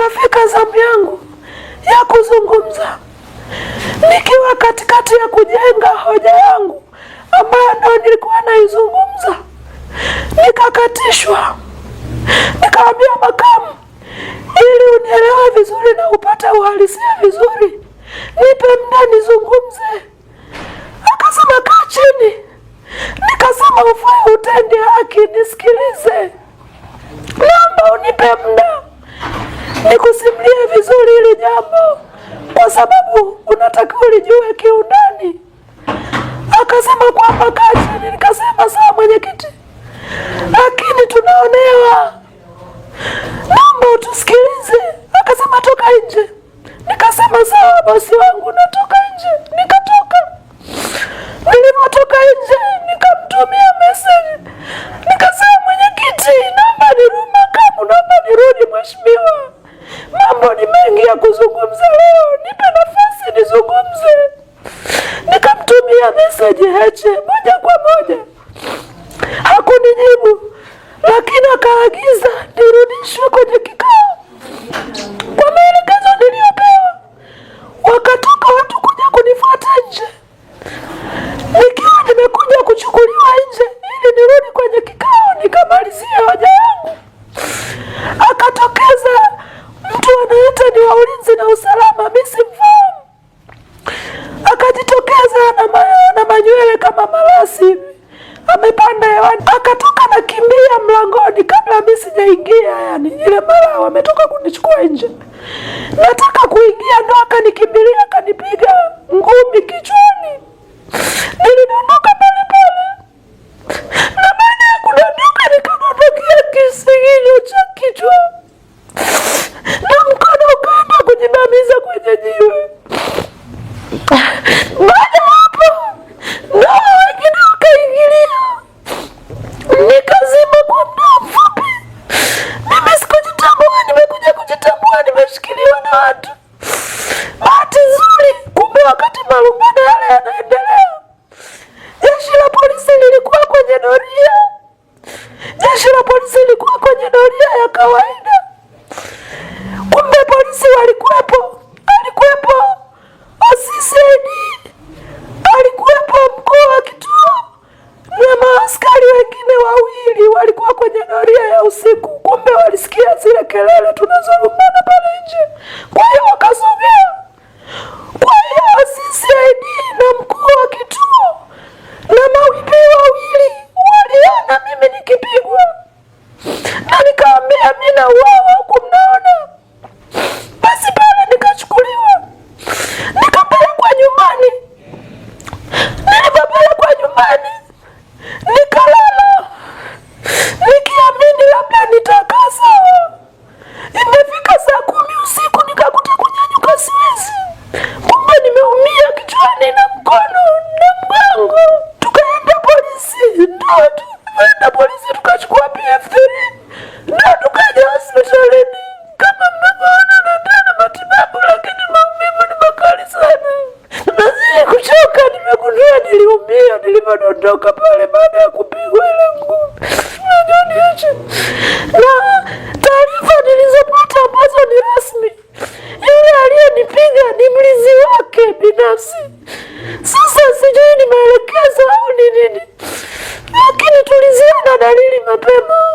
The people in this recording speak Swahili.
ikafika zamu yangu ya kuzungumza nikiwa katikati ya kujenga hoja yangu ambayo ndio nilikuwa naizungumza, nikakatishwa. Nikaambia makamu, ili unielewe vizuri na upate uhalisia vizuri, nipe muda nizungumze. Akasema kaa chini. Nikasema ufai utendi haki, nisikilize, naomba unipe muda nikusimulie vizuri ili jambo, kwa sababu unatakiwa ulijue kiundani. Akasema kwamba kachini, nikasema sawa mwenyekiti, lakini tunaonewa, naomba utusikilize. Akasema toka nje, nikasema sawa bosi wangu, natoka ya kuzungumza leo, nipe nafasi nizungumze. Nikamtumia meseji Heche moja kwa moja, hakunijibu, lakini akaagiza nirudi farasi amepanda hewani akatoka na kimbia mlangoni kabla mi sijaingia. Yani ile mara wametoka kunichukua nje, nataka kuingia, ndo akanikimbilia akanipiga ngumi kichwani, nilidondoka palepale na baada ya kudondoka nikadondokea kisigino cha kichwa na mkono ukaenda kujibamiza kwenye jiwe. wakati malumbano yale yanaendelea, jeshi la polisi lilikuwa kwenye doria, jeshi la polisi lilikuwa kwenye doria ya kawaida. Kumbe polisi walikuwepo, alikuwepo OCD, alikuwepo mkuu wa kituo na maaskari wengine wawili walikuwa kwenye doria ya usiku. Kumbe walisikia zile kelele tunazorumbana pale nje. watu na polisi tukachukua PF3 na tukaja hospitalini kama mnavyoona, na matibabu, lakini maumivu ni makali sana. Nazidi kuchoka, nimegundua niliumia nilivyodondoka pale baada ya kupigwa ile ngumi. Niache. О,